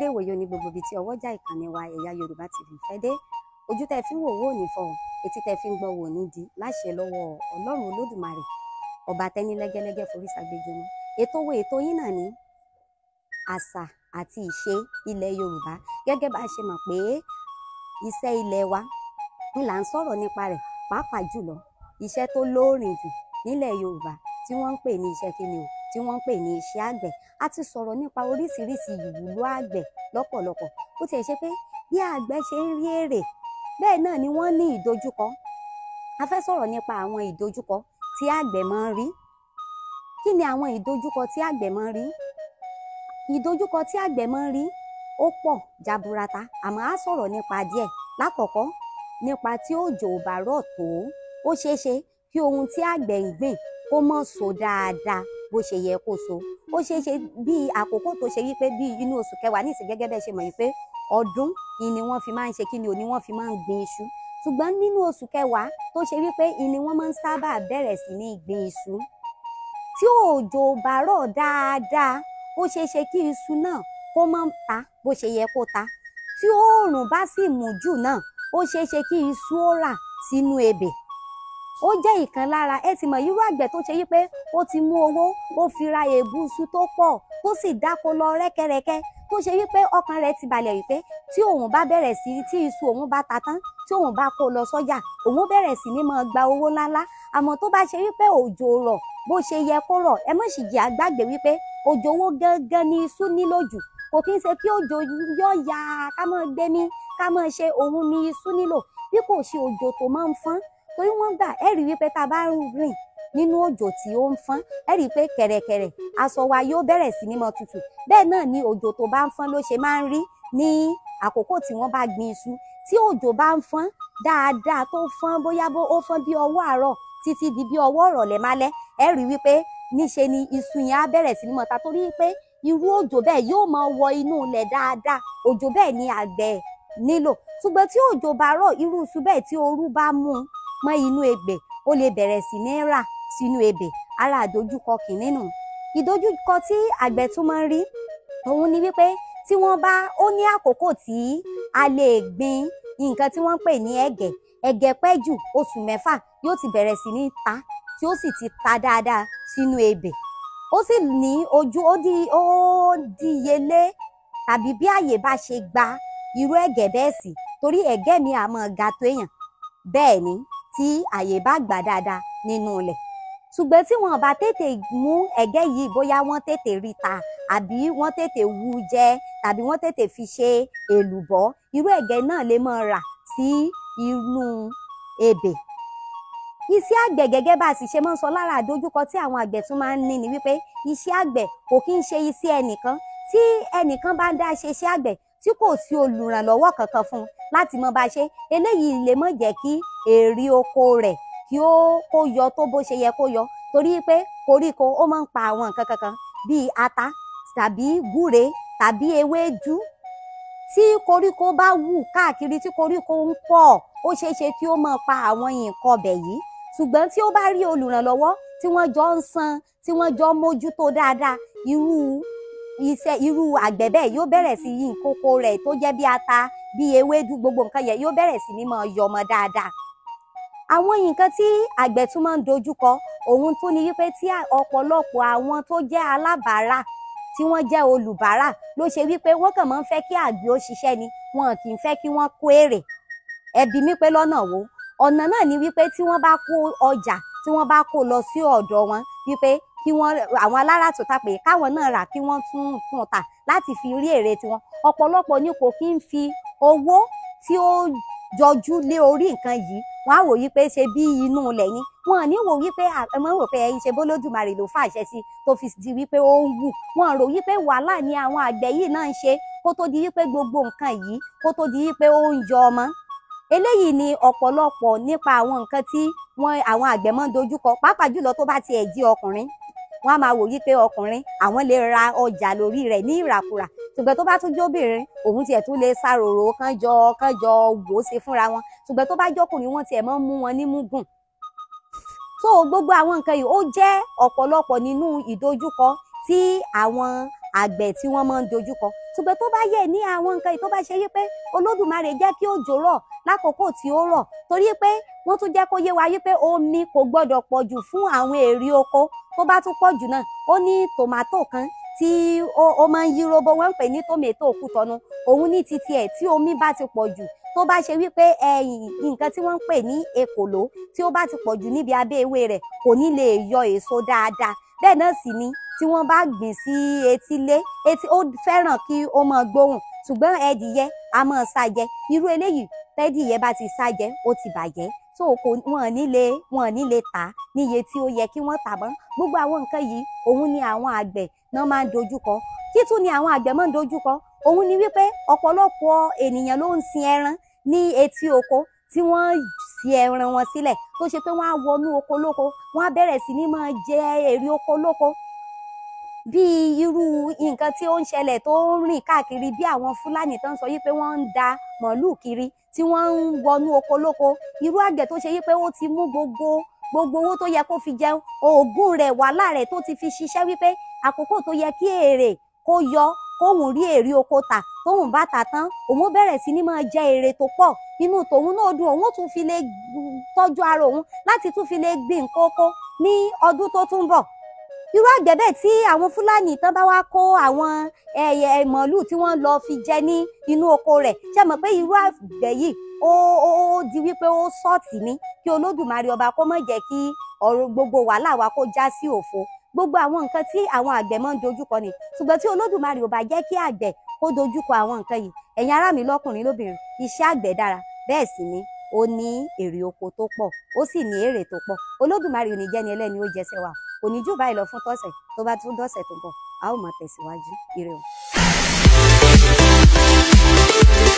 Gbàgede ìwòye ní gbogbo ibi tí ọwọ́jà ìkànnì wa ẹ̀yà Yorùbá TV fẹ́ dé ojú tẹ́ fi ń wò wò ní fọhùn etí tẹ́ fi ń gbọ́ wò ní di láṣẹ lọ́wọ́ Ọlọ́run Olódùmarè ọba tẹ́ni lẹ́gẹ́lẹ́gẹ́ forí sàgbéjọmọ́ ètò wo ètò yín náà ní àṣà àti ìṣe ilẹ̀ Yorùbá gẹ́gẹ́ bá a ṣe mọ̀ pé iṣẹ́ ilẹ̀ wa ni là ń sọ̀rọ̀ nípa rẹ̀ pàápàá jùlọ iṣẹ́ tó lóòrìn jù nílẹ̀ Yorùbá tí wọ́n ń pè ní iṣẹ́ kíni o tí wọ́n ń pè ní iṣẹ́ àgbẹ̀ a ti sọ̀rọ̀ nípa oríṣiríṣi ìwúlò àgbẹ̀ lọ́pọ̀lọpọ̀ bó tiẹ̀ ṣe pé bí àgbẹ̀ ṣe ń rí èrè bẹ́ẹ̀ náà ni wọ́n ní ìdojúkọ a fẹ́ sọ̀rọ̀ nípa àwọn ìdojúkọ tí àgbẹ̀ máa ń rí kí ni àwọn ìdojúkọ tí àgbẹ̀ máa ń rí ìdojúkọ tí àgbẹ̀ máa ń rí ó pọ̀ jaburata àmọ́ a sọ̀rọ̀ nípa díẹ̀ lákọ̀ọ́kọ́ nípa tí òjò ò bá rọ̀ tó ó ṣeé kí ohun tí àgbẹ̀ ń gbìn kó má so dáadáa bó ṣe yẹ kó so ó ṣeé ṣe bí àkókò tó ṣe wípé bí inú oṣù kẹwàá nísìn gẹ́gẹ́ bẹ́ẹ̀ ṣe mọ̀ yìí pé ọdún ni wọ́n fi máa ń ṣe kí ni òní wọ́n fi máa ń gbin iṣu ṣùgbọ́n nínú oṣù kẹwàá tó ṣe wípé ni wọ́n máa ń sábà bẹ̀rẹ̀ sí ní gbin iṣu tí òjò bá rọ̀ dáadáa ó ṣeé ṣe kí iṣu náà kó má ta bó ṣe yẹ kó ta tí oòrùn bá sì mú jù náà ó ṣeé ṣe kí iṣu ó rà sínú ebè ó jẹ́ ìkan lára ẹ ti mọ̀ irú àgbẹ̀ tó ṣe yí pé ó ti mú owó ó fi ra ègúsù tó pọ̀ tó sì dáko lọ rẹ́kẹ́rẹ́kẹ́ tó ṣe wípé ọkàn rẹ̀ ti balẹ̀ wípé tí òun bá bẹ̀rẹ̀ sí tí iṣu òun bá ta tán tí òun bá kó lọ sọ́jà òun bẹ̀rẹ̀ sí ní máa gba owó ńláńlá àmọ́ tó bá ṣe wípé òjò rọ̀ bó ṣe yẹ kó rọ̀ ẹ má sì jẹ́ àgbàgbé wípé òjò owó gangan ni iṣu nílò jù kò kí n ṣe kí òjò yọ ya ká máa gbémi ká máa ṣe òun ni iṣu nílò bí kò ṣe òjò tó máa ń fọ́n torí wọ́n gbà ẹ rí wípé tá a bá rìn nínú òjò tí ó ń fọ́n ẹ rí i pé kẹ̀rẹ̀kẹ̀rẹ̀ aṣọ wa yóò bẹ̀rẹ̀ sí ní mọ tutù bẹ́ẹ̀ náà ni òjò tó bá ń fọ́n ló ṣe máa ń rí ní àkókò tí wọ́n bá gbin iṣu tí òjò bá ń fọ́n dáadáa tó fọ́n bóyá bó ó fọ́n bí ọwọ́ àárọ̀ títí di bí ọwọ́ ìrọ̀lẹ́ málẹ́ ẹ rí i wípé níṣe ni iṣu yẹn á bẹ̀rẹ̀ sí ní mọ̀ta torí pé irú òjò bẹ́ẹ̀ yóò mọ wọ inú ilẹ̀ dáadáa òjò bẹ́ẹ̀ ni àgbẹ̀ nílò ṣùgbọ́n tí òjò bá rọ̀ irú iṣu bẹ́ẹ̀ tí ooru bá mú un mọ́ inú ebè ó lè bẹ̀rẹ̀ sí ní rà sínú ebè ara àdójúkọ kìíní nù ìdójúkọ tí àgbẹ̀ tún máa ń rí òun ni wípé tí wọ́n bá ó ní àkókò tí a lè gbin nǹkan tí wọ́n pè ní ẹ̀gẹ̀ ẹ̀gẹ̀ pẹ́ jù oṣù mẹ́fà yóò ti bẹ̀rẹ̀ sí ní ta tí ó sì ti ta dáadáa sínú ebè ó sì ní ojú ó di ó díyelé tàbí bí àyè bá ṣe gba irú ẹ̀gẹ̀ bẹ́ẹ̀ sí torí ẹ̀gẹ́ mi àmọ́ ga tó èèyàn bẹ́ẹ̀ ni tí àyè bá gbà dáadáa nínú ilẹ̀ ṣùgbọ́n tí wọ́n bá tètè mú ẹ̀gẹ́ yìí bóyá wọ́n tètè rí ta àbí wọ́n tètè wú jẹ tàbí wọ́n tètè fi ṣe èlùbọ́ irú ẹ̀gẹ́ náà lè máa rà sí inú ebè iṣẹ́ àgbẹ̀ gẹ́gẹ́ bá a sì ṣe máa ń sọ lára àdójúkọ tí àwọn àgbẹ̀ tún máa ń ní ni wípé iṣẹ́ àgbẹ̀ kò kí ń ṣe iṣẹ́ ẹnìkan tí ẹnìkan bá ń dá ṣe iṣẹ́ àgbẹ̀ tí kò sí olùrànlọ́wọ́ kankan fún un láti mọ bá a ṣe eléyìí lè má jẹ́ kí èrè oko rẹ̀ kí ó kó yọ tó bó ṣe yẹ kó yọ torí pé koríko ó máa ń pa àwọn nǹkan kankan bíi ata tàbí gúre tàbí ewédú tí koríko bá wù káàkiri tí koríko ń pọ̀ ó ṣeé ṣe kí ó máa pa àwọn nǹkan ọbẹ̀ yìí ṣùgbọ́n tí ó bá rí olùrànlọ́wọ́ tí wọ́n jọ ń san tí wọ́n jọ mójútó dáadáa irú iṣẹ́ irú àgbẹ̀ bẹ́ẹ̀ yóò bẹ̀rẹ̀ sí yí kókó rẹ̀ tó jẹ́ bí ata bí ewédú gbogbo nǹkan yẹn yóò bẹ̀rẹ̀ sí ní máa yọmọ dáadáa àwọn nǹkan tí àgbẹ̀ tún máa ń dojúkọ òun tó ni wípé tí ọ̀pọ̀lọpọ̀ àwọn tó jẹ́ alábàárà tí wọ́n jẹ́ olùbárà ló ṣe wípé wọ́n kàn máa ń fẹ́ kí àgbẹ̀ ó ṣiṣẹ́ ni wọn kì í fẹ́ kí wọ́n kó èrè ẹ bi mí pé lọ́nà wo ọ̀nà náà ni wípé tí wọ́n bá kó ọjà tí wọ́n bá kó lọ sí ọ̀dọ̀ wọn wípé kí wọ́n àwọn alára tó tàpé káwọn náà rà kí wọ́n tún tún tà láti fi rí èrè tiwọn ọ̀pọ̀lọpọ̀ ni kò kí ń fi owó tí ó jọjú lé orí nǹkan yìí wọ́n á wò yí pé ṣe bí inú ilẹ̀ yín wọn ní wò wípé ẹ mọ̀ wò pé ẹyin ṣe bólódùmarè ló fàṣẹ sí tó fi di wípé ó ń wù wọn rò wípé wàhálà ni àwọn àgbẹ̀ yìí náà ń ṣe kó tó di wípé gbogbo nǹkan yìí kó tó di wípé ó ń yọ ọmọ eléyìí ni ọ̀pọ̀lọpọ̀ nípa àwọn nǹkan tí wọ́n àwọn àgbẹ̀ máa ń dojúkọ pàápàá jùlọ tó bá tiẹ̀ jí ọkùnrin wọ́n á máa wò wípé ọkùnrin àwọn lè ra ọjà lórí rẹ̀ ní ìràkúrà ṣùgbọ́n tó bá tún jóbìnrin òun tiẹ̀ tún lè ṣàròrò kánjọ kánjọ wò ó ṣe fúnra wọn ṣùgbọ́n tó bá jọkùnrin wọn tiẹ̀ mọ́ mú wọn nímú gùn so gbogbo àwọn nǹkan yìí ó jẹ́ ọ̀pọ̀lọpọ̀ nínú ìdojúkọ tí àwọn àgbẹ̀ tí wọ́n máa ń dojúkọ ṣùgbọ́n tó bá yẹ ní àwọn nǹkan yìí tó bá ṣe yí pé olódùmarè jẹ́ kí òjò rọ̀ lákòókò tí ó rọ̀ torí pé wọ́n tún jẹ́ kó yé wa yí pé omi kò gbọ́dọ̀ pọ̀ fún àwọn èrè oko tó bá tún pọ̀ náà ó ní tòmátò kan tí ó máa ń yí robo wọ́n ń pè ní tòmẹ́tò òkútọ́nu òun ní titi ẹ̀ tí omi bá ti pọ̀ jù tó bá ṣe wípé nǹkan tí wọ́n ń pè ní èkòló tí ó bá ti pọ̀ jù níbi abẹ́ ewé rẹ̀ kò ní lè yọ èso dáadáa bẹ́ẹ̀ náà sì ni tí wọ́n bá gbìn sí etílé etí ó fẹ́ràn kí ó máa gbóhùn ṣùgbọ́n ẹdìyẹ a máa ṣàjẹ irú eléyìí tẹ́dì yẹn bá ti sájẹ́ ó ti bàjẹ́ so kò wọn ní lè wọn ní lè tà níye tí ó yẹ kí wọ́n tà mọ́ gbogbo àwọn nǹkan yìí òun ni àwọn àgbẹ̀ náà máa ń dojúkọ kí tún ni àwọn àgbẹ̀ máa ń dojúkọ òun ni wípé ọ̀pọ̀lọpọ̀ ènìyàn ló ń sin ẹran ní etí oko tí wọ́n sí ẹran wọn sílẹ̀ tó ṣe pé wọ́n á wọnú oko lóko wọ́n á bẹ̀rẹ̀ sí ní máa jẹ èrè oko lóko bíi irú nǹkan tí ó ń ṣẹlẹ̀ tó ń rìn káàkiri bí àwọn Fúlàní tó ń sọ yìí pé wọ́n ń da màálù kiri tí wọ́n ń wọnú oko lóko irú àgbẹ̀ tó ṣe yìí pé ó ti mú gbogbo gbogbo owó tó yẹ kó fi jẹun oògùn rẹ̀ wàhálà rẹ̀ tó ti fi ṣiṣẹ́ wípé àkókò tó yẹ kí èrè kó yọ kóhun rí èrè oko tà tóhun bá tà tán òun bẹ̀rẹ̀ sí ní máa jẹ èrè tó pọ̀ inú tòun náà dùn òun tún fi lè tọ́jú ara òun láti tún fi lè gbìn kókó ní ọdún tó tún bọ̀ irú àgbẹ̀ bẹ́ẹ̀ tí àwọn fúlàní tán bá wá kó àwọn ẹyẹ màálù tí wọ́n lọ fi jẹ ní inú oko rẹ̀ ṣe mọ̀ pé irú àgbẹ̀ yìí ó ó di wípé ó sọ̀tì ní kí olódùmarè ọba kó má jẹ́ kí ọ̀rọ̀ gbogbo wàhálà wa kó já sí òfo gbogbo àwọn nǹkan tí àwọn àgbẹ̀ máa ń dojúkọ ni ṣùgbọ́n tí olódùmarè ò bá jẹ́ kí àgbẹ̀ kó dojúkọ àwọn nǹkan yìí ẹ̀yin ará mi lọ́kùnrin lóbìnrin iṣẹ́ àgbẹ̀ dára bẹ́ẹ̀ sì ni ó ní èrè oko tó pọ̀ ó sì ní èrè tó pọ̀ olódùmarè ò ní jẹ́ni ẹlẹ́ni ó jẹsẹ̀ wa kò ní jù báyìí lọ fún tọ̀sẹ̀ tó bá tún dọ̀sẹ̀ tó bọ̀ a ó máa tẹ̀síwájú ire o.